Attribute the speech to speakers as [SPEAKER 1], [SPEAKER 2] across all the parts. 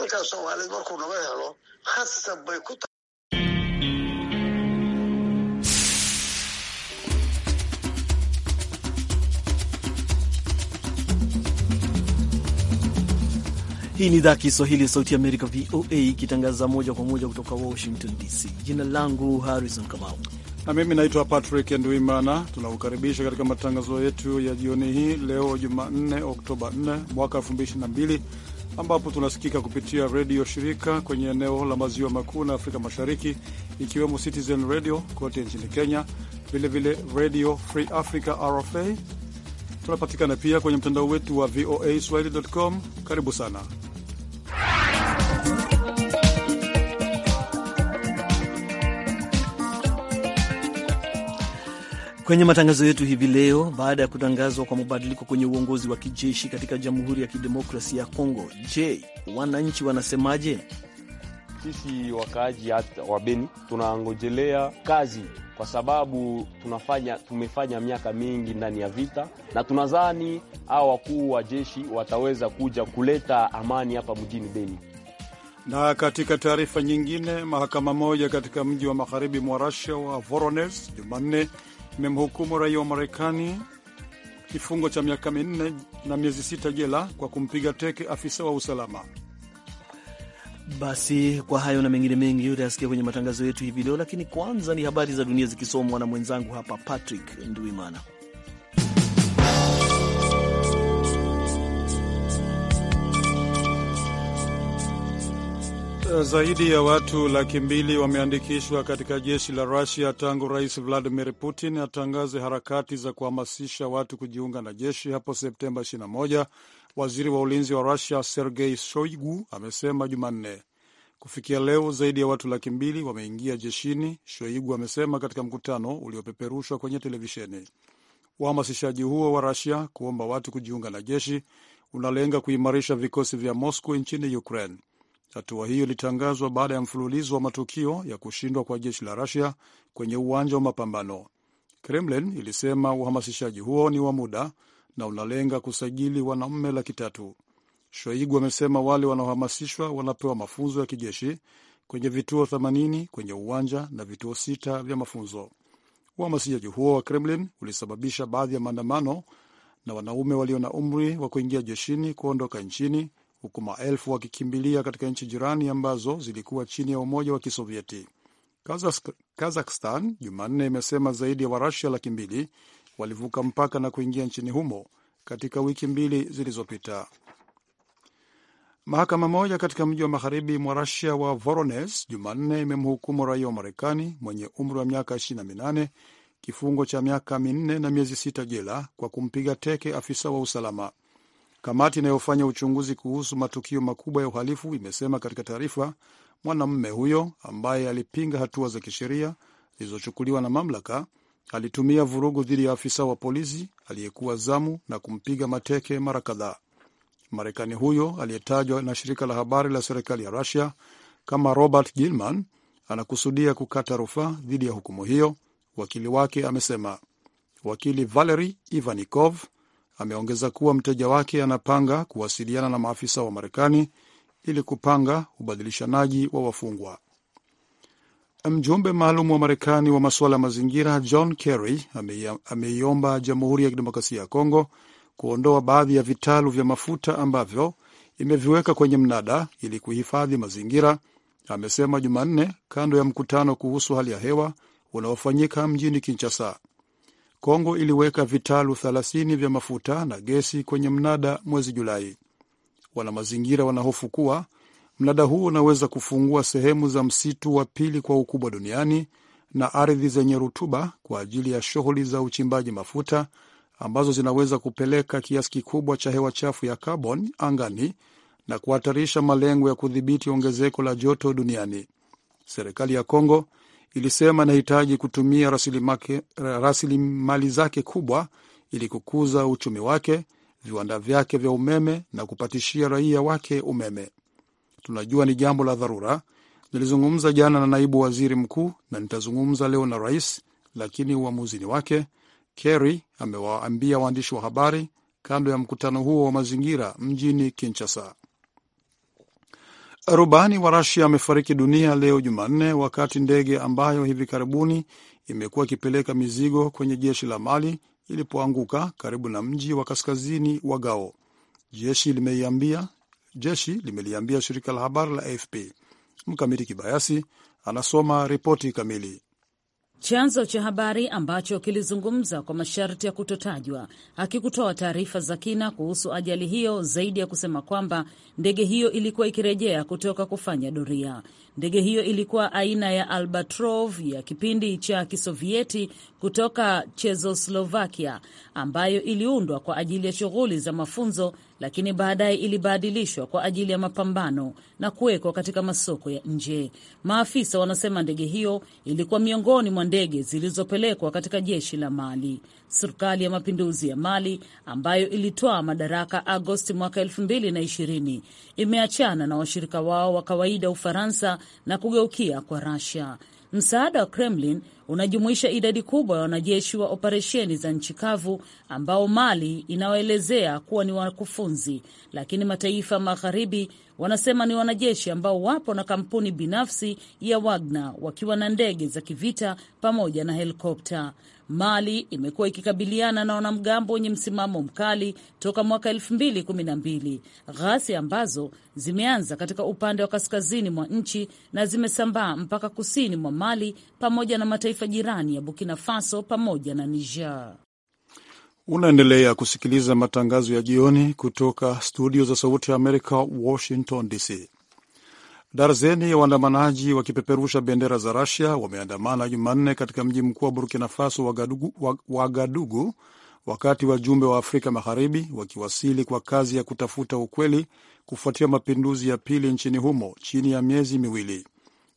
[SPEAKER 1] dalka Soomaaliyeed markuu naga helo khasab bay ku Hii ni idhaa Kiswahili ya Sauti Amerika, VOA, ikitangaza moja kwa moja kutoka Washington DC. Jina langu Harrison Kamau na mimi naitwa Patrick Nduimana. Tunakukaribisha katika matangazo yetu
[SPEAKER 2] ya jioni hii leo Jumanne, Oktoba 4 mwaka 2022 ambapo tunasikika kupitia redio shirika kwenye eneo la maziwa makuu na Afrika Mashariki, ikiwemo Citizen Radio kote nchini Kenya, vilevile Radio Free Africa RFA. Tunapatikana pia kwenye mtandao wetu wa VOA swahili.com. Karibu sana.
[SPEAKER 1] kwenye matangazo yetu hivi leo. Baada ya kutangazwa kwa mabadiliko kwenye uongozi wa kijeshi katika Jamhuri ya Kidemokrasia ya Kongo, je, wananchi wanasemaje?
[SPEAKER 3] Sisi wakaaji hata wa Beni tunangojelea kazi, kwa sababu tunafanya tumefanya miaka mingi ndani ya vita, na tunadhani hawa wakuu wa jeshi wataweza kuja kuleta amani hapa mjini Beni.
[SPEAKER 2] Na katika taarifa nyingine, mahakama moja katika mji wa magharibi mwa rasia wa Voronezh Jumanne imemhukumu raia wa Marekani kifungo cha miaka minne na miezi sita jela kwa kumpiga teke afisa wa usalama.
[SPEAKER 1] Basi kwa hayo na mengine mengi utayasikia kwenye matangazo yetu hivi leo, lakini kwanza ni habari za dunia zikisomwa na mwenzangu hapa Patrick Nduimana. Zaidi
[SPEAKER 2] ya watu laki mbili wameandikishwa katika jeshi la Rusia tangu Rais Vladimir Putin atangaze harakati za kuhamasisha watu kujiunga na jeshi hapo Septemba 21, waziri wa ulinzi wa Rusia Sergei Shoigu amesema Jumanne. Kufikia leo zaidi ya watu laki mbili wameingia jeshini, Shoigu amesema katika mkutano uliopeperushwa kwenye televisheni. Uhamasishaji huo wa Rusia kuomba watu kujiunga na jeshi unalenga kuimarisha vikosi vya Moscow nchini Ukraine. Hatua hiyo ilitangazwa baada ya mfululizo wa matukio ya kushindwa kwa jeshi la Rusia kwenye uwanja wa mapambano. Kremlin ilisema uhamasishaji huo ni wa muda na unalenga kusajili wanaume laki tatu. Shoigu amesema wale wanaohamasishwa wanapewa mafunzo ya kijeshi kwenye vituo 80 kwenye uwanja na vituo sita vya mafunzo. Uhamasishaji huo wa Kremlin ulisababisha baadhi ya maandamano na wanaume walio na umri wa kuingia jeshini kuondoka nchini huku maelfu wakikimbilia katika nchi jirani ambazo zilikuwa chini ya Umoja wa Kisovieti. Kazakhstan Jumanne imesema zaidi ya Warusia laki mbili walivuka mpaka na kuingia nchini humo katika wiki mbili zilizopita. Mahakama moja katika mji wa magharibi mwa Rusia wa Voronez Jumanne imemhukumu raia wa Marekani mwenye umri wa miaka 28 kifungo cha miaka minne na miezi sita jela kwa kumpiga teke afisa wa usalama. Kamati inayofanya uchunguzi kuhusu matukio makubwa ya uhalifu imesema katika taarifa, mwanamume huyo ambaye alipinga hatua za kisheria zilizochukuliwa na mamlaka alitumia vurugu dhidi ya afisa wa polisi aliyekuwa zamu na kumpiga mateke mara kadhaa. Marekani huyo aliyetajwa na shirika la habari la serikali ya Rusia kama Robert Gilman anakusudia kukata rufaa dhidi ya hukumu hiyo, wakili wake amesema. Wakili Valery Ivanikov Ameongeza kuwa mteja wake anapanga kuwasiliana na maafisa wa Marekani ili kupanga ubadilishanaji wa wafungwa. Mjumbe maalum wa Marekani wa masuala ya mazingira John Kerry ameiomba Jamhuri ya Kidemokrasia ya Kongo kuondoa baadhi ya vitalu vya mafuta ambavyo imeviweka kwenye mnada ili kuhifadhi mazingira, amesema Jumanne kando ya mkutano kuhusu hali ya hewa unaofanyika mjini Kinshasa. Kongo iliweka vitalu 30 vya mafuta na gesi kwenye mnada mwezi Julai. Wanamazingira wanahofu kuwa mnada huo unaweza kufungua sehemu za msitu wa pili kwa ukubwa duniani na ardhi zenye rutuba kwa ajili ya shughuli za uchimbaji mafuta ambazo zinaweza kupeleka kiasi kikubwa cha hewa chafu ya kaboni angani na kuhatarisha malengo ya kudhibiti ongezeko la joto duniani. Serikali ya Kongo ilisema inahitaji kutumia rasilimali zake kubwa ili kukuza uchumi wake, viwanda vyake vya umeme na kupatishia raia wake umeme. Tunajua ni jambo la dharura. Nilizungumza jana na naibu waziri mkuu na nitazungumza leo na rais, lakini uamuzini wake, Kerry amewaambia waandishi wa habari kando ya mkutano huo wa mazingira mjini Kinshasa. Rubani wa Rasia amefariki dunia leo Jumanne wakati ndege ambayo hivi karibuni imekuwa ikipeleka mizigo kwenye jeshi la Mali ilipoanguka karibu na mji wa kaskazini wa Gao. Jeshi limeiambia jeshi limeliambia shirika la habari la AFP. Mkamiti Kibayasi anasoma ripoti kamili.
[SPEAKER 4] Chanzo cha habari ambacho kilizungumza kwa masharti ya kutotajwa hakikutoa taarifa za kina kuhusu ajali hiyo zaidi ya kusema kwamba ndege hiyo ilikuwa ikirejea kutoka kufanya doria. Ndege hiyo ilikuwa aina ya Albatrov ya kipindi cha Kisovieti kutoka Chezoslovakia, ambayo iliundwa kwa ajili ya shughuli za mafunzo, lakini baadaye ilibadilishwa kwa ajili ya mapambano na kuwekwa katika masoko ya nje. Maafisa wanasema ndege hiyo ilikuwa miongoni mwa ndege zilizopelekwa katika jeshi la Mali. Serikali ya mapinduzi ya Mali ambayo ilitoa madaraka Agosti mwaka 2020 imeachana na washirika wao wa kawaida Ufaransa na kugeukia kwa Russia. Msaada wa Kremlin unajumuisha idadi kubwa ya wanajeshi wa operesheni za nchi kavu ambao Mali inawaelezea kuwa ni wakufunzi, lakini mataifa magharibi wanasema ni wanajeshi ambao wapo na kampuni binafsi ya Wagner wakiwa na ndege za kivita pamoja na helikopta. Mali imekuwa ikikabiliana na wanamgambo wenye msimamo mkali toka mwaka 2012, ghasia ambazo zimeanza katika upande wa kaskazini mwa nchi na zimesambaa mpaka kusini mwa Mali pamoja na mataifa jirani ya Burkina Faso pamoja na Niger.
[SPEAKER 2] Unaendelea kusikiliza matangazo ya jioni kutoka studio za Sauti ya Amerika, Washington DC. Darzeni ya waandamanaji wakipeperusha bendera za Rasia wameandamana Jumanne katika mji mkuu wa Burkina Faso, Wagadugu, Wagadugu, wakati wajumbe wa Afrika Magharibi wakiwasili kwa kazi ya kutafuta ukweli kufuatia mapinduzi ya pili nchini humo chini ya miezi miwili.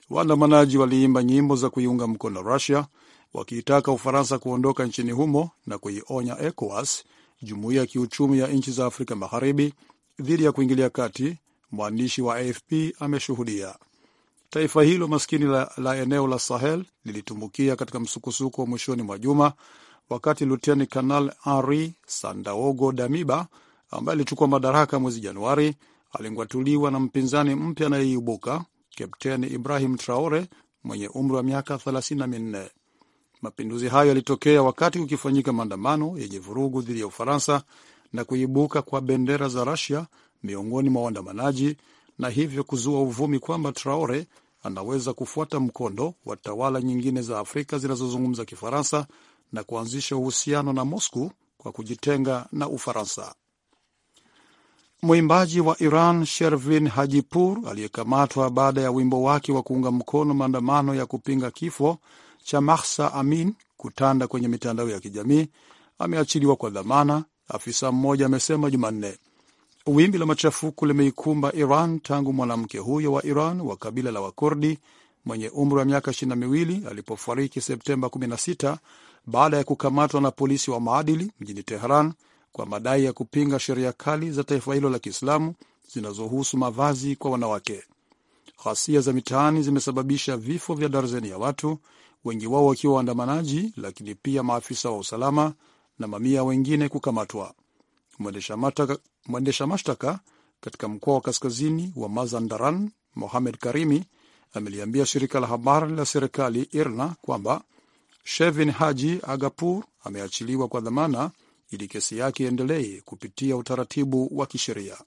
[SPEAKER 2] Waandamanaji waliimba nyimbo za kuiunga mkono Rusia wakiitaka Ufaransa kuondoka nchini humo na kuionya ECOWAS, jumuiya ya kiuchumi ya nchi za Afrika Magharibi, dhidi ya kuingilia kati mwandishi wa AFP ameshuhudia. Taifa hilo maskini la, la eneo la Sahel lilitumbukia katika msukosuko wa mwishoni mwa juma wakati luteni kanal Henri Sandaogo Damiba ambaye alichukua madaraka mwezi Januari alingwatuliwa na mpinzani mpya anayeibuka Kapteni Ibrahim Traore mwenye umri wa miaka 34. Mapinduzi hayo yalitokea wakati kukifanyika maandamano yenye vurugu dhidi ya Ufaransa na kuibuka kwa bendera za rasia miongoni mwa waandamanaji na hivyo kuzua uvumi kwamba Traore anaweza kufuata mkondo wa tawala nyingine za Afrika zinazozungumza Kifaransa na kuanzisha uhusiano na Moscow kwa kujitenga na Ufaransa. Mwimbaji wa Iran Shervin Hajipur aliyekamatwa baada ya wimbo wake wa kuunga mkono maandamano ya kupinga kifo cha Mahsa Amin kutanda kwenye mitandao ya kijamii ameachiliwa kwa dhamana, afisa mmoja amesema Jumanne. Wimbi la machafuko limeikumba Iran tangu mwanamke huyo wa Iran wa kabila la Wakurdi mwenye umri wa miaka ishirini na miwili alipofariki Septemba 16 baada ya kukamatwa na polisi wa maadili mjini Teheran kwa madai ya kupinga sheria kali za taifa hilo la Kiislamu zinazohusu mavazi kwa wanawake. Ghasia za mitaani zimesababisha vifo vya darzeni ya watu, wengi wao wakiwa waandamanaji, lakini pia maafisa wa usalama na mamia wengine kukamatwa. Mwendesha mashtaka katika mkoa wa kaskazini wa Mazandaran, Mohamed Karimi, ameliambia shirika la habari la serikali IRNA kwamba Shevin Haji Agapur ameachiliwa kwa dhamana ili kesi yake iendelee kupitia utaratibu wa kisheria.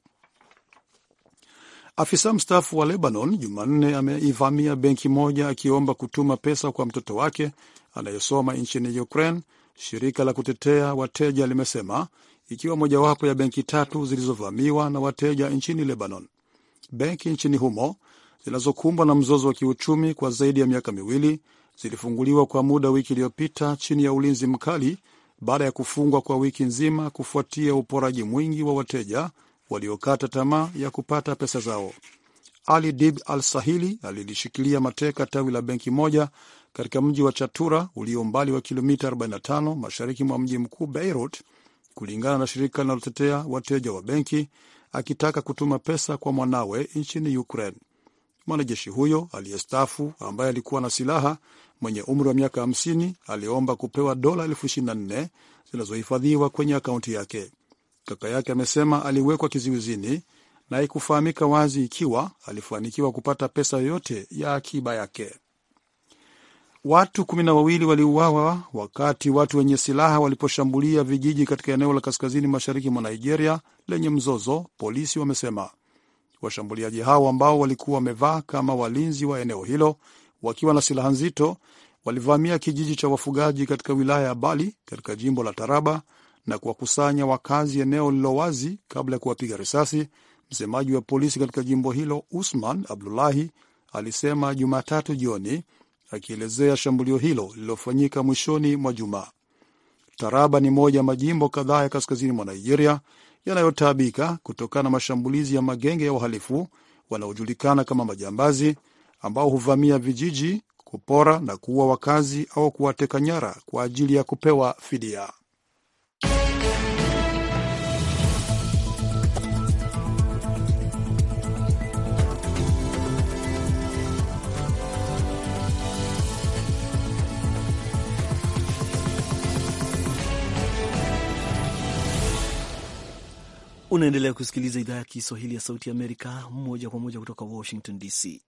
[SPEAKER 2] Afisa mstaafu wa Lebanon Jumanne ameivamia benki moja akiomba kutuma pesa kwa mtoto wake anayesoma nchini Ukraine, shirika la kutetea wateja limesema, ikiwa mojawapo ya benki tatu zilizovamiwa na wateja nchini Lebanon. Benki nchini humo zinazokumbwa na mzozo wa kiuchumi kwa zaidi ya miaka miwili zilifunguliwa kwa muda wiki iliyopita chini ya ulinzi mkali baada ya kufungwa kwa wiki nzima kufuatia uporaji mwingi wa wateja waliokata tamaa ya kupata pesa zao. Ali Dib Al Sahili alilishikilia mateka tawi la benki moja katika mji wa Chatura ulio umbali wa kilomita 45 mashariki mwa mji mkuu Beirut kulingana na shirika linalotetea wateja wa benki, akitaka kutuma pesa kwa mwanawe nchini Ukraine. Mwanajeshi huyo stafu ambaye alikuwa na silaha mwenye umri wa miaka 50 aliomba kupewa dola elfu zinazohifadhiwa kwenye akaunti yake. Kaka yake amesema aliwekwa kizuizini na haikufahamika wazi ikiwa alifanikiwa kupata pesa yoyote ya akiba yake. Watu kumi na wawili waliuawa wakati watu wenye silaha waliposhambulia vijiji katika eneo la kaskazini mashariki mwa Nigeria lenye mzozo, polisi wamesema. Washambuliaji hao ambao walikuwa wamevaa kama walinzi wa eneo hilo wakiwa na silaha nzito walivamia kijiji cha wafugaji katika wilaya ya Bali katika jimbo la Taraba na kuwakusanya wakazi eneo wazi kabla ya kuwapiga risasi. Msemaji wa polisi katika jimbo hilo Usman Abdulahi alisema Jumatatu jioni akielezea shambulio hilo lililofanyika mwishoni mwa juma. Taraba ni moja ya majimbo kadhaa ya kaskazini mwa Nigeria yanayotaabika kutokana na mashambulizi ya magenge ya uhalifu wanaojulikana kama majambazi, ambao huvamia vijiji, kupora na kuua wakazi au kuwateka nyara kwa ajili ya kupewa fidia.
[SPEAKER 1] Unaendelea kusikiliza idhaa ya Kiswahili ya Sauti Amerika moja kwa moja kutoka Washington DC.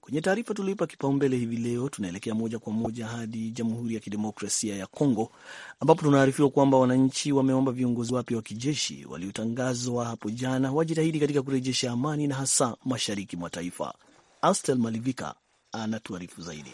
[SPEAKER 1] Kwenye taarifa tulioipa kipaumbele hivi leo, tunaelekea moja kwa moja hadi Jamhuri ya Kidemokrasia ya congo ambapo tunaarifiwa kwamba wananchi wameomba viongozi wapya wa kijeshi waliotangazwa hapo jana wajitahidi katika kurejesha amani na hasa mashariki mwa taifa. Astel Malivika anatuarifu zaidi.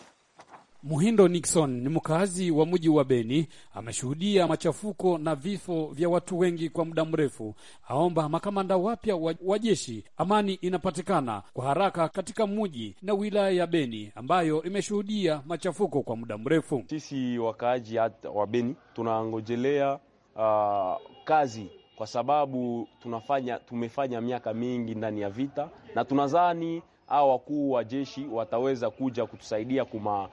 [SPEAKER 1] Muhindo Nixon
[SPEAKER 5] ni mkazi wa mji wa Beni, ameshuhudia machafuko na vifo vya watu wengi kwa muda mrefu. Aomba makamanda wapya wa jeshi amani inapatikana kwa haraka katika mji na wilaya ya Beni ambayo imeshuhudia machafuko kwa muda mrefu. Sisi wakaaji wa Beni tunangojelea uh, kazi
[SPEAKER 3] kwa sababu tunafanya tumefanya miaka mingi ndani ya vita na tunazani hawa wakuu wa jeshi wataweza kuja kutusaidia kuma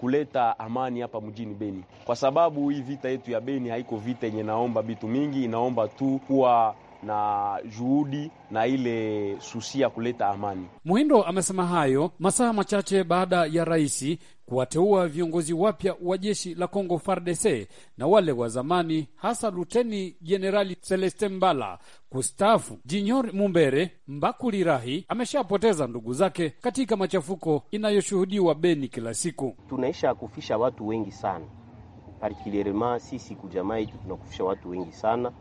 [SPEAKER 3] kuleta amani hapa mjini Beni, kwa sababu hii vita yetu ya Beni haiko vita yenye naomba vitu mingi, inaomba tu kuwa na juhudi na ile susi ya kuleta amani.
[SPEAKER 5] Muhindo amesema hayo masaa machache baada ya rais kuwateua viongozi wapya wa jeshi la Congo FARDC na wale wa zamani hasa Luteni Jenerali Celeste Mbala kustafu Jinyor Mumbere Mbakuli Rahi ameshapoteza ndugu zake katika machafuko inayoshuhudiwa Beni kila siku. Tunaisha kufisha watu wengi sana, partikulierement sisi kujamaa yetu tunakufisha watu wengi sana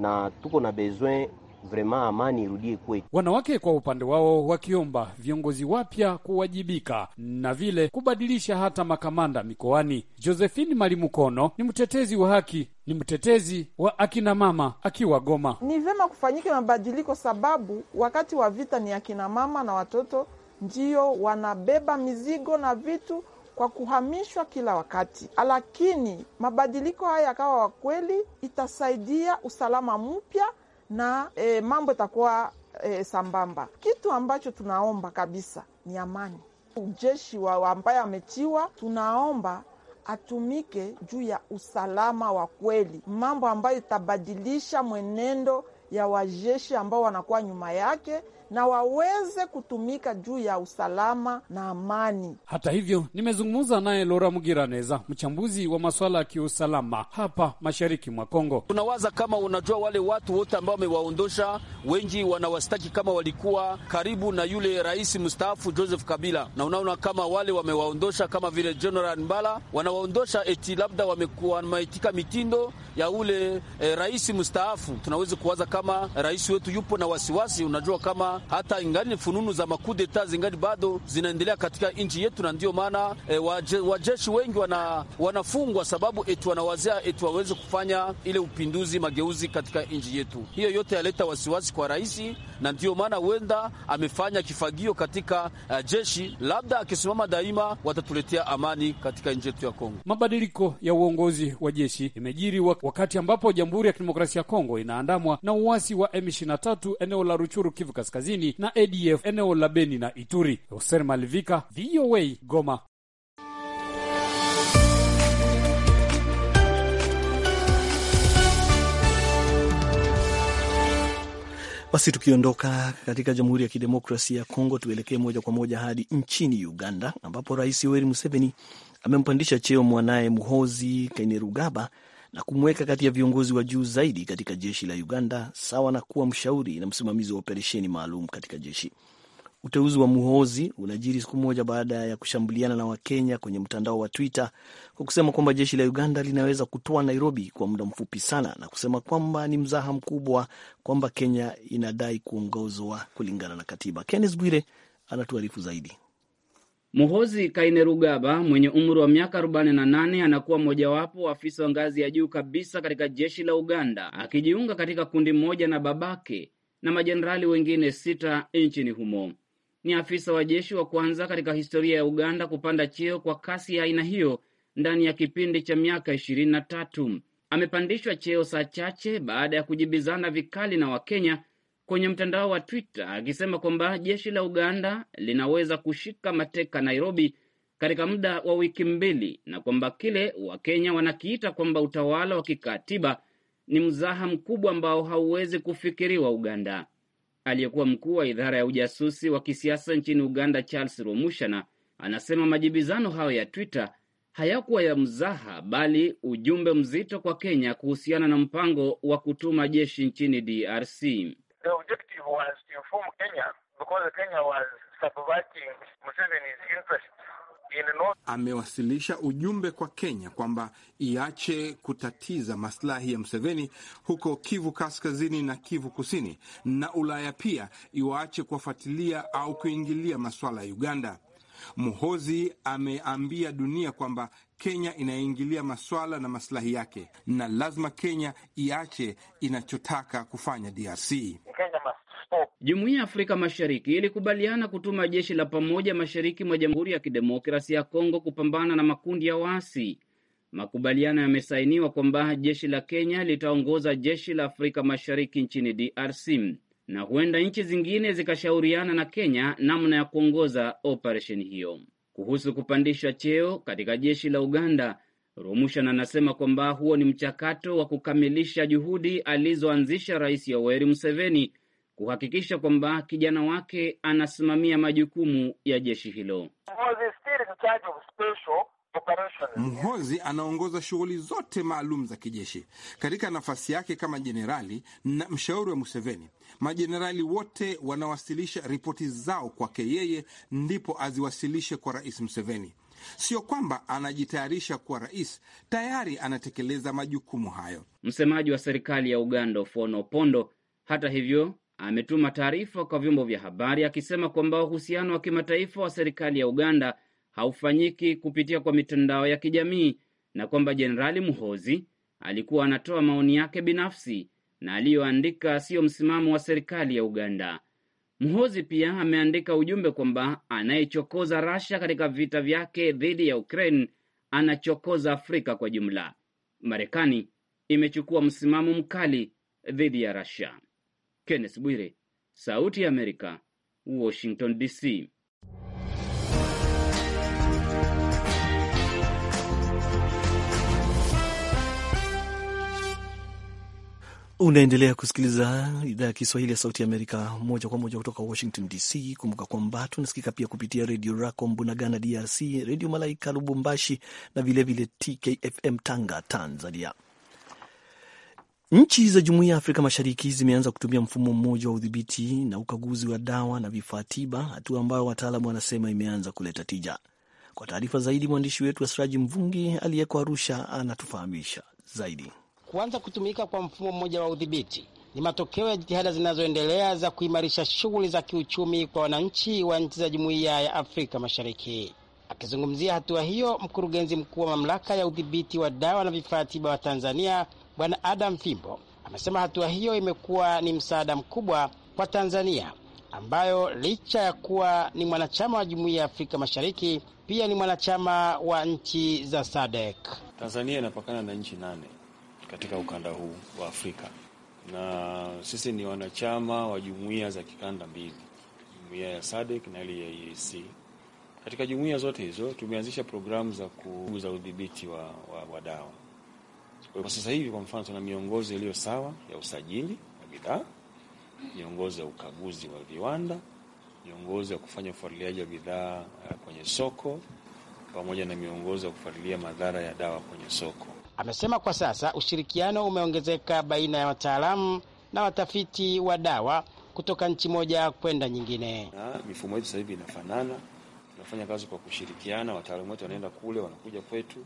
[SPEAKER 5] na tuko na besoin vraiment amani irudie kwetu. Wanawake kwa upande wao wakiomba viongozi wapya kuwajibika na vile kubadilisha hata makamanda mikoani. Josephine Malimukono ni mtetezi wa haki, ni mtetezi wa akina mama akiwa Goma.
[SPEAKER 6] Ni vema kufanyike mabadiliko, sababu wakati wa vita ni akina mama na watoto ndio wanabeba mizigo na vitu kwa kuhamishwa kila wakati, lakini mabadiliko haya yakawa wakweli, itasaidia usalama mpya na e, mambo itakuwa e, sambamba. Kitu ambacho tunaomba kabisa ni amani. Ujeshi wa ambaye ametiwa, tunaomba atumike juu ya usalama wa kweli, mambo ambayo itabadilisha mwenendo ya wajeshi ambao wanakuwa nyuma yake na waweze kutumika juu ya usalama na amani.
[SPEAKER 5] Hata hivyo, nimezungumza naye Lora Mugiraneza, mchambuzi wa masuala ya kiusalama hapa mashariki mwa Kongo. Tunawaza kama unajua, wale watu wote ambao wamewaondosha wengi wanawastaki kama walikuwa karibu na yule rais mstaafu Joseph Kabila, na unaona kama wale wamewaondosha kama vile General Mbala wanawaondosha eti labda wameitika mitindo ya ule e, rais mstaafu. Tunaweza kuwaza kama rais wetu yupo na wasiwasi, unajua kama hata ingani fununu za makudeta zingani bado zinaendelea katika nchi yetu, na ndiyo maana e, waje, wajeshi wengi wana, wanafungwa sababu eti wanawazia eti waweze kufanya ile upinduzi mageuzi katika nchi yetu. Hiyo yote yaleta wasiwasi kwa rais, na ndiyo maana wenda amefanya kifagio katika uh, jeshi. Labda akisimama daima, watatuletea amani katika nchi yetu ya Kongo. Mabadiliko ya uongozi wa jeshi imejiri wakati ambapo Jamhuri ya Kidemokrasia ya Kongo inaandamwa na uasi wa M23 eneo la Ruchuru, Kivu Kaskazini Kaskazini na ADF eneo la Beni na Ituri. Hosen Malivika, VOA Goma.
[SPEAKER 1] Basi tukiondoka katika Jamhuri ya Kidemokrasia ya Kongo, tuelekee moja kwa moja hadi nchini Uganda, ambapo Rais Yoweri Museveni amempandisha cheo mwanaye Muhozi Kainerugaba na kumweka kati ya viongozi wa juu zaidi katika jeshi la Uganda, sawa na kuwa mshauri na msimamizi wa operesheni maalum katika jeshi. Uteuzi wa Muhozi unajiri siku moja baada ya kushambuliana na Wakenya kwenye mtandao wa Twitter kwa kusema kwamba jeshi la Uganda linaweza kutoa Nairobi kwa muda mfupi sana na kusema kwamba ni mzaha mkubwa kwamba Kenya inadai kuongozwa kulingana na katiba. Kenneth Bwire anatuarifu zaidi.
[SPEAKER 7] Muhozi Kainerugaba mwenye umri wa miaka 48 anakuwa mojawapo wa afisa wa ngazi ya juu kabisa katika jeshi la Uganda, akijiunga katika kundi moja na babake na majenerali wengine sita nchini humo. Ni afisa wa jeshi wa kwanza katika historia ya Uganda kupanda cheo kwa kasi ya aina hiyo ndani ya kipindi cha miaka ishirini tatu. Amepandishwa cheo saa chache baada ya kujibizana vikali na Wakenya kwenye mtandao wa Twitter akisema kwamba jeshi la Uganda linaweza kushika mateka Nairobi katika muda wa wiki mbili na kwamba kile Wakenya wanakiita kwamba utawala wa kikatiba ni mzaha mkubwa ambao hauwezi kufikiriwa Uganda. Aliyekuwa mkuu wa idara ya ujasusi wa kisiasa nchini Uganda, Charles Romushana, anasema majibizano hayo ya Twitter hayakuwa ya mzaha, bali ujumbe mzito kwa Kenya kuhusiana na mpango wa kutuma jeshi nchini DRC.
[SPEAKER 5] The objective was to inform Kenya because Kenya was
[SPEAKER 1] subverting Museveni's interest.
[SPEAKER 5] Amewasilisha ujumbe kwa Kenya kwamba iache kutatiza maslahi ya Mseveni huko Kivu Kaskazini na Kivu Kusini, na Ulaya pia iwaache kuwafuatilia au kuingilia masuala ya Uganda. Muhozi ameambia dunia kwamba Kenya inaingilia maswala na masilahi yake, na lazima Kenya iache inachotaka kufanya DRC. Jumuiya ya Afrika Mashariki ilikubaliana
[SPEAKER 7] kutuma jeshi la pamoja mashariki mwa Jamhuri ya Kidemokrasia ya Kongo kupambana na makundi ya waasi. Makubaliano yamesainiwa kwamba jeshi la Kenya litaongoza jeshi la Afrika Mashariki nchini DRC na huenda nchi zingine zikashauriana na Kenya namna ya kuongoza operesheni hiyo kuhusu kupandishwa cheo katika jeshi la Uganda, Romushan anasema kwamba huo ni mchakato wa kukamilisha juhudi alizoanzisha Rais Yoweri Museveni kuhakikisha kwamba kijana wake anasimamia
[SPEAKER 5] majukumu ya jeshi hilo. Mhozi anaongoza shughuli zote maalum za kijeshi katika nafasi yake kama jenerali na mshauri wa Museveni. Majenerali wote wanawasilisha ripoti zao kwake yeye, ndipo aziwasilishe kwa Rais Museveni. Sio kwamba anajitayarisha kuwa rais, tayari anatekeleza majukumu hayo. Msemaji wa serikali ya Uganda
[SPEAKER 7] Ofono Opondo, hata hivyo, ametuma taarifa kwa vyombo vya habari akisema kwamba uhusiano wa kimataifa wa serikali ya Uganda haufanyiki kupitia kwa mitandao ya kijamii na kwamba Jenerali Muhozi alikuwa anatoa maoni yake binafsi na aliyoandika siyo msimamo wa serikali ya Uganda. Muhozi pia ameandika ujumbe kwamba anayechokoza Russia katika vita vyake dhidi ya Ukraine anachokoza Afrika kwa jumla. Marekani imechukua msimamo mkali dhidi ya Russia. Kenneth Bwire, Sauti ya Amerika, Washington DC.
[SPEAKER 1] Unaendelea kusikiliza idhaa ya Kiswahili ya Sauti ya Amerika moja kwa moja kutoka Washington DC. Kumbuka kwamba tunasikika pia kupitia Redio raco Mbunagana DRC, Redio Malaika Lubumbashi na vilevile TKFM Tanga Tanzania. Nchi za Jumuiya ya Afrika Mashariki zimeanza kutumia mfumo mmoja wa udhibiti na ukaguzi wa dawa na vifaa tiba, hatua ambayo wataalamu wanasema imeanza kuleta tija. Kwa taarifa zaidi, mwandishi wetu Asraji Mvungi aliyeko Arusha anatufahamisha zaidi
[SPEAKER 6] kuanza kutumika kwa mfumo mmoja wa udhibiti ni matokeo ya jitihada zinazoendelea za kuimarisha shughuli za kiuchumi kwa wananchi wa nchi za Jumuiya ya Afrika Mashariki. Akizungumzia hatua hiyo, mkurugenzi mkuu wa mamlaka ya udhibiti wa dawa na vifaa tiba wa Tanzania Bwana Adam Fimbo amesema hatua hiyo imekuwa ni msaada mkubwa kwa Tanzania ambayo licha ya kuwa ni mwanachama wa Jumuiya ya Afrika Mashariki pia ni mwanachama wa nchi za SADC. Tanzania inapakana na nchi nane
[SPEAKER 3] katika ukanda huu wa Afrika, na sisi ni wanachama wa jumuiya za kikanda mbili, jumuiya ya SADC na ile ya EAC. Katika jumuiya zote hizo tumeanzisha programu za kuuza udhibiti wa, wa, wa dawa. Kwa sasa hivi, kwa mfano, tuna miongozo iliyo sawa ya usajili wa bidhaa, miongozo ya ukaguzi wa viwanda, miongozo ya kufanya ufuatiliaji wa bidhaa eh, kwenye soko, pamoja na miongozo ya kufuatilia madhara ya dawa kwenye soko.
[SPEAKER 6] Amesema kwa sasa ushirikiano umeongezeka baina ya wataalamu na watafiti wa dawa kutoka nchi moja kwenda nyingine. Na mifumo yetu
[SPEAKER 3] sasa hivi inafanana, tunafanya kazi kwa kushirikiana. Wataalamu wetu wanaenda kule, wanakuja kwetu,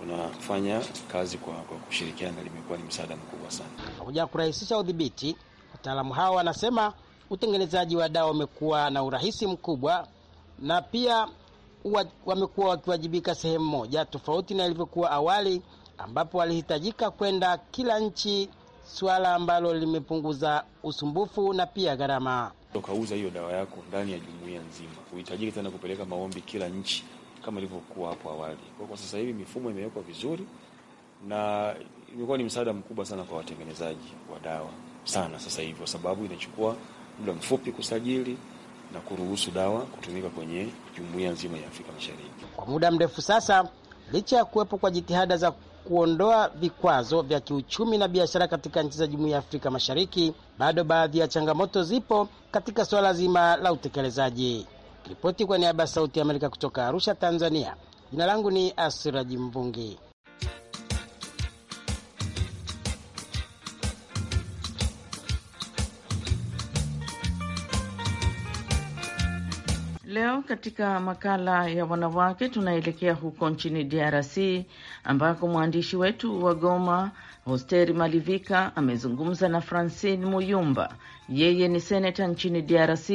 [SPEAKER 3] tunafanya kazi kwa, kwa kushirikiana. Limekuwa ni msaada mkubwa sana.
[SPEAKER 6] Pamoja kurahisisha udhibiti, wataalamu hawa wanasema utengenezaji wa dawa umekuwa na urahisi mkubwa, na pia wamekuwa wakiwajibika sehemu moja, tofauti na ilivyokuwa awali ambapo walihitajika kwenda kila nchi, suala ambalo limepunguza usumbufu na pia gharama.
[SPEAKER 3] Ukauza hiyo dawa yako ndani ya jumuiya nzima, huhitajiki tena kupeleka maombi kila nchi kama ilivyokuwa hapo awali. Kwa, kwa sasa hivi mifumo imewekwa vizuri na imekuwa ni msaada mkubwa sana kwa watengenezaji wa dawa sana sasa hivi, kwa sababu inachukua muda mfupi kusajili na kuruhusu dawa kutumika kwenye jumuiya nzima ya Afrika Mashariki
[SPEAKER 6] kwa muda mrefu sasa, licha ya kuwepo kwa jitihada za kuondoa vikwazo vya kiuchumi na biashara katika nchi za Jumuiya ya Afrika Mashariki, bado baadhi ya changamoto zipo katika suala zima la utekelezaji. Ripoti kwa niaba ya Sauti ya Amerika kutoka Arusha, Tanzania. Jina langu ni asiraji mvungi
[SPEAKER 8] Leo katika makala ya wanawake tunaelekea huko nchini DRC ambako mwandishi wetu wa Goma Hosteri Malivika amezungumza na Francine Muyumba. Yeye ni seneta nchini DRC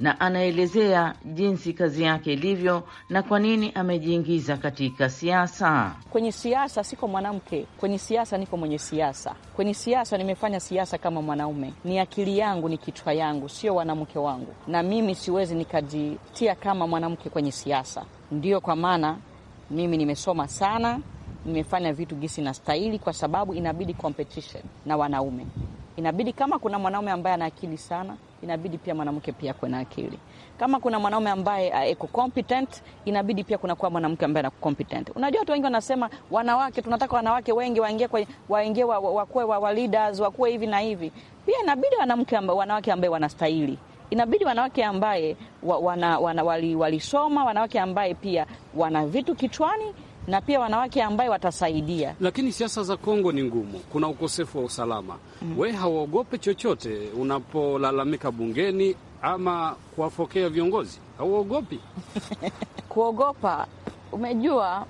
[SPEAKER 8] na anaelezea jinsi kazi yake ilivyo na kwa nini amejiingiza katika siasa. Kwenye siasa siko mwanamke, kwenye siasa niko mwenye siasa. Kwenye siasa nimefanya siasa kama mwanaume, ni akili yangu, ni kichwa yangu, sio wanamke wangu, na mimi siwezi nikajitia kama mwanamke kwenye siasa. Ndiyo kwa maana mimi nimesoma sana nimefanya vitu gisi na stahili, kwa sababu inabidi competition na wanaume. Inabidi kama kuna mwanaume ambaye ana akili sana, inabidi pia mwanamke pia kuwe na akili. Kama kuna mwanaume ambaye uh, eko competent, inabidi pia kuna kuwa mwanamke ambaye ana competent. Unajua watu wengi wanasema wanawake, tunataka wanawake wengi waingie kwa waingie wakuwe wa, wa leaders wakuwe hivi na hivi. Pia inabidi wanawake ambao wanawake ambaye wanastahili inabidi wanawake ambaye wa, wana, wana, wali, walisoma wanawake ambaye pia wana vitu kichwani na pia wanawake ambaye watasaidia.
[SPEAKER 5] Lakini siasa za Kongo ni ngumu, kuna ukosefu wa usalama mm -hmm. We hauogope chochote unapolalamika bungeni ama kuwafokea viongozi, hauogopi
[SPEAKER 8] kuogopa? Umejua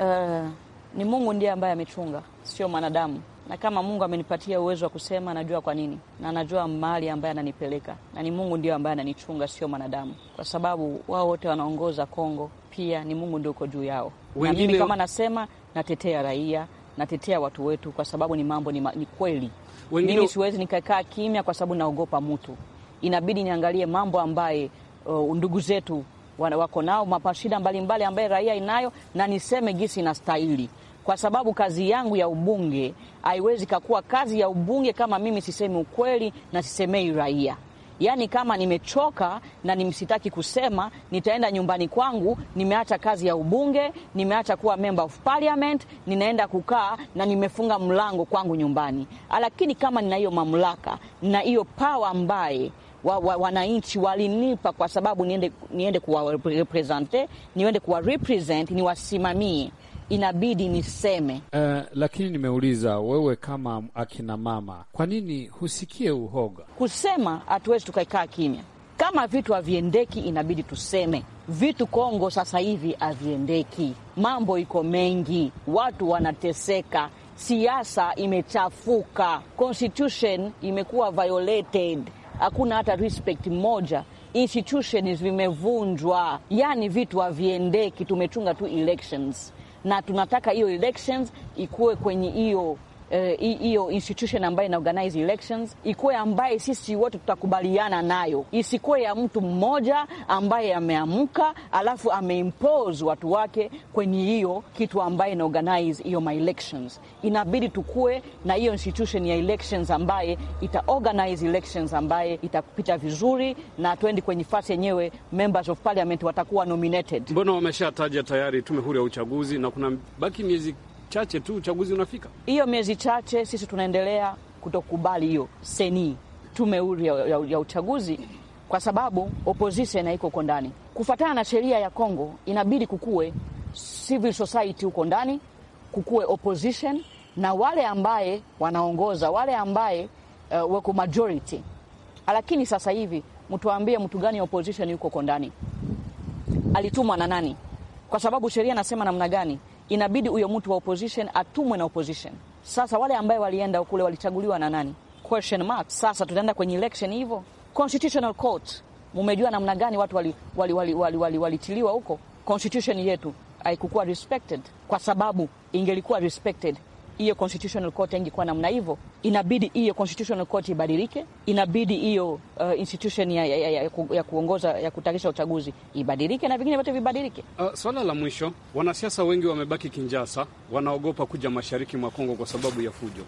[SPEAKER 8] uh, ni Mungu ndiye ambaye amechunga, sio mwanadamu na kama Mungu amenipatia uwezo wa kusema, najua kwa nini na najua mahali ambaye ananipeleka, na ni Mungu ndio ambaye ananichunga, sio mwanadamu, kwa sababu wao wote wanaongoza Kongo, pia ni Mungu ndio uko juu yao wengine... na mimi kama nasema natetea raia, natetea watu wetu, kwa sababu ni mambo ni, ma... ni kweli wengine... mimi siwezi nikakaa kimya kwa sababu naogopa mtu, inabidi niangalie mambo ambaye uh, ndugu zetu wako nao mapashida mbalimbali ambaye raia inayo na niseme gisi inastahili, kwa sababu kazi yangu ya ubunge haiwezi kakuwa kazi ya ubunge kama mimi sisemi ukweli na sisemei raia. Yaani kama nimechoka na nimsitaki kusema, nitaenda nyumbani kwangu, nimeacha kazi ya ubunge, nimeacha kuwa member of parliament, ninaenda kukaa na nimefunga mlango kwangu nyumbani. Lakini kama nina hiyo mamlaka na hiyo pawa ambaye wa, wa, wananchi walinipa kwa sababu niende, niende kuwarepresente niende kuwarepresent niwasimamie inabidi niseme.
[SPEAKER 5] Uh, lakini nimeuliza wewe kama akina mama, kwa nini husikie uhoga
[SPEAKER 8] kusema? Hatuwezi tukaikaa kimya kama vitu haviendeki, inabidi tuseme vitu. Kongo sasa hivi haviendeki, mambo iko mengi, watu wanateseka, siasa imechafuka, constitution imekuwa violated, hakuna hata respect moja, institutions vimevunjwa, yani vitu haviendeki. Tumechunga tu elections na tunataka hiyo elections ikuwe kwenye hiyo Eh, hiyo uh, institution ambayo ina organize elections ikuwe ambaye sisi wote tutakubaliana nayo, isikuwe ya mtu mmoja ambaye ameamka alafu ameimpose watu wake kwenye hiyo kitu ambaye ina organize hiyo my elections. Inabidi tukue na hiyo institution ya elections ambaye ita organize elections ambaye itapita vizuri na twende kwenye fasi yenyewe, members of parliament watakuwa nominated.
[SPEAKER 5] Mbona wameshataja tayari tume huru ya uchaguzi na kuna baki miezi chache tu uchaguzi unafika.
[SPEAKER 8] Hiyo miezi chache sisi tunaendelea kutokubali hiyo seni tume huru ya, ya, ya uchaguzi kwa sababu opposition haiko huko ndani. Kufuatana na sheria ya Kongo, inabidi kukue civil society huko ndani, kukue opposition na wale ambaye wanaongoza wale ambaye uh, wako majority. Lakini sasa hivi mtuambie, mtu gani opposition yuko huko ndani, alitumwa na nani? Kwa sababu sheria nasema namna gani inabidi huyo mtu wa opposition atumwe na opposition. Sasa wale ambaye walienda kule walichaguliwa na nani? Question mark. Sasa tutaenda kwenye election hivyo. Constitutional Court, mumejua namna gani watu walitiliwa wali, wali, wali, wali, wali huko. Constitution yetu haikukuwa respected, kwa sababu ingelikuwa respected hiyo constitutional court ingekuwa namna hivyo, inabidi hiyo constitutional court ibadilike, inabidi hiyo uh, institution ya, ya, ya, ya, ya kuongoza ya kutarisha uchaguzi ibadilike na vingine vyote vibadilike.
[SPEAKER 5] Uh, swala la mwisho, wanasiasa wengi wamebaki Kinjasa, wanaogopa kuja mashariki mwa Kongo kwa sababu ya fujo,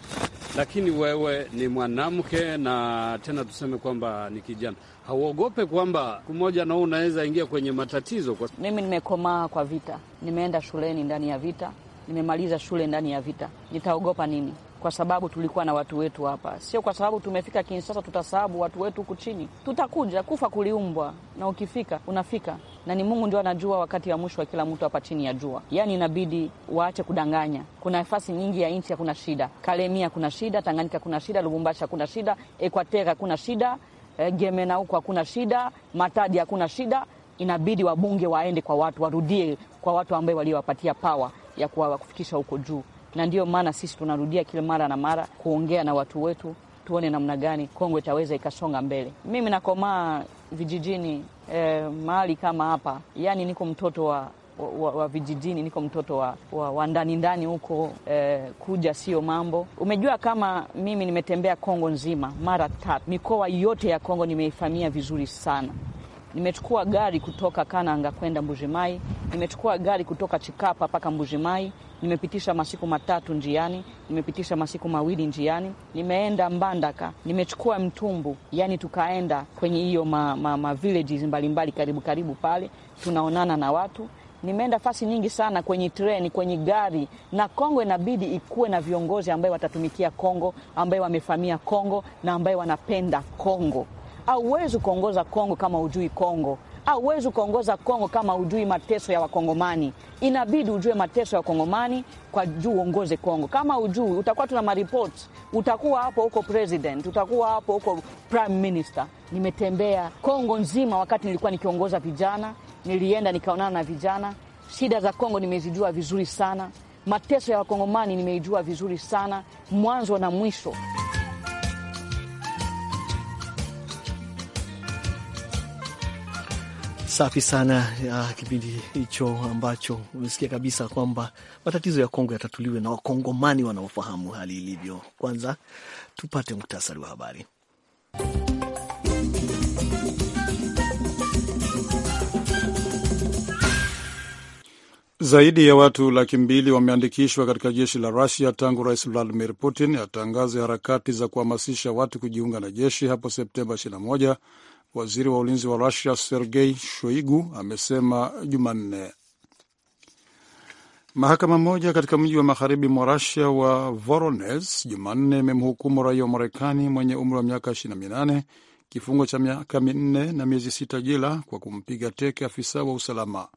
[SPEAKER 5] lakini wewe ni mwanamke na tena tuseme kwamba ni kijana, hauogope kwamba kumoja nao unaweza ingia kwenye matatizo kwa...
[SPEAKER 8] mimi nimekomaa kwa vita, nimeenda shuleni ndani ya vita nimemaliza shule ndani ya vita, nitaogopa nini? Kwa sababu tulikuwa na watu wetu hapa, sio kwa sababu tumefika Kinshasa tutasahabu watu wetu huku chini. Tutakuja kufa, kuliumbwa na ukifika unafika, na ni Mungu ndio anajua wakati wa mwisho wa kila mtu hapa chini ya jua. Yaani inabidi waache kudanganya. Kuna nafasi nyingi ya nchi hakuna shida, Kalemia kuna shida, Tanganyika kuna shida, Lubumbashi hakuna shida, Ekwatera hakuna shida, eh, Gemena huko hakuna shida, Matadi hakuna shida. Inabidi wabunge waende kwa watu, warudie kwa watu ambao waliowapatia pawa ya kuwafikisha huko juu, na ndiyo maana sisi tunarudia kila mara na mara kuongea na watu wetu, tuone namna gani kongo itaweza ikasonga mbele. Mimi nakomaa vijijini eh, mahali kama hapa, yaani niko mtoto wa wa, wa vijijini niko mtoto wa, wa, wa ndani ndani huko eh, kuja sio mambo. Umejua kama mimi nimetembea Kongo nzima mara tatu, mikoa yote ya Kongo nimeifamia vizuri sana. Nimechukua gari kutoka Kananga kwenda Mbujimai, nimechukua gari kutoka Chikapa mpaka Mbujimai. Nimepitisha masiku matatu njiani, nimepitisha masiku mawili njiani, nimeenda Mbandaka, nimechukua mtumbu, yani tukaenda kwenye hiyo ma, ma, ma villages mbalimbali karibu karibu pale, tunaonana na watu nimeenda fasi nyingi sana kwenye treni, kwenye gari. Na Kongo inabidi ikuwe na viongozi ambaye watatumikia Kongo, ambaye wamefamia Kongo na ambaye wanapenda Kongo. Hauwezi kuongoza Kongo kama hujui Kongo, hauwezi kuongoza Kongo kama hujui mateso ya Wakongomani. Inabidi ujue mateso ya Wakongomani kwa juu uongoze Kongo. Kama hujui, utakuwa tuna maripot, utakuwa hapo huko president, utakuwa hapo huko prime minister. Nimetembea Kongo nzima, wakati nilikuwa nikiongoza vijana, nilienda nikaonana na vijana. Shida za Kongo nimezijua vizuri sana, mateso ya Wakongomani nimeijua vizuri sana, mwanzo na mwisho.
[SPEAKER 1] Safi sana ya kipindi hicho ambacho umesikia kabisa kwamba matatizo ya Kongo yatatuliwe na Wakongomani wanaofahamu hali ilivyo. Kwanza tupate muktasari wa habari.
[SPEAKER 2] Zaidi ya watu laki mbili wameandikishwa katika jeshi la Rusia tangu Rais Vladimir Putin atangaze harakati za kuhamasisha watu kujiunga na jeshi hapo Septemba 21 Waziri wa ulinzi wa Rusia Sergei Shoigu amesema Jumanne. Mahakama moja katika mji wa magharibi mwa Rusia wa Voronez Jumanne imemhukumu raia wa Marekani mwenye umri wa miaka 28 kifungo cha miaka minne na miezi sita jela kwa kumpiga teke afisa wa usalama.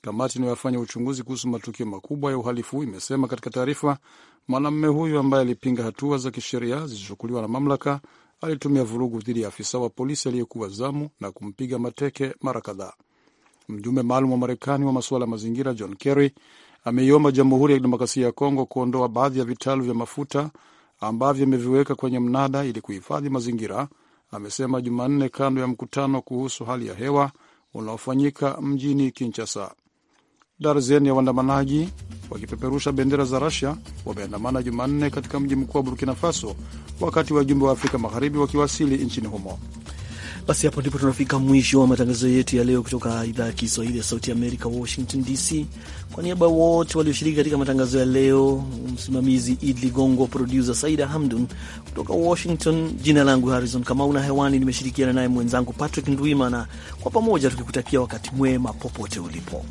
[SPEAKER 2] Kamati inayofanya uchunguzi kuhusu matukio makubwa ya uhalifu imesema katika taarifa, mwanamume huyu ambaye alipinga hatua za kisheria zilizochukuliwa na mamlaka alitumia vurugu dhidi ya afisa wa polisi aliyekuwa zamu na kumpiga mateke mara kadhaa. Mjumbe maalum wa Marekani wa masuala ya mazingira John Kerry ameiomba Jamhuri ya Kidemokrasia ya Kongo kuondoa baadhi ya vitalu vya mafuta ambavyo imeviweka kwenye mnada ili kuhifadhi mazingira, amesema Jumanne kando ya mkutano kuhusu hali ya hewa unaofanyika mjini Kinshasa. Darzeni ya waandamanaji wakipeperusha bendera za Rasia wameandamana Jumanne katika mji mkuu wa Burkina Faso, wakati wajumbe wa Afrika Magharibi
[SPEAKER 1] wakiwasili nchini humo. Basi hapo ndipo tunafika mwisho wa matangazo yetu ya leo kutoka idhaa ya Kiswahili ya Sauti Amerika, Washington DC. Kwa niaba ya wote walioshiriki katika matangazo ya leo, msimamizi Id Ligongo, produsa Saida Hamdun kutoka Washington. Jina langu Harrison Kamau na hewani nimeshirikiana naye mwenzangu Patrick Ndwimana, kwa pamoja tukikutakia wakati mwema popote ulipo.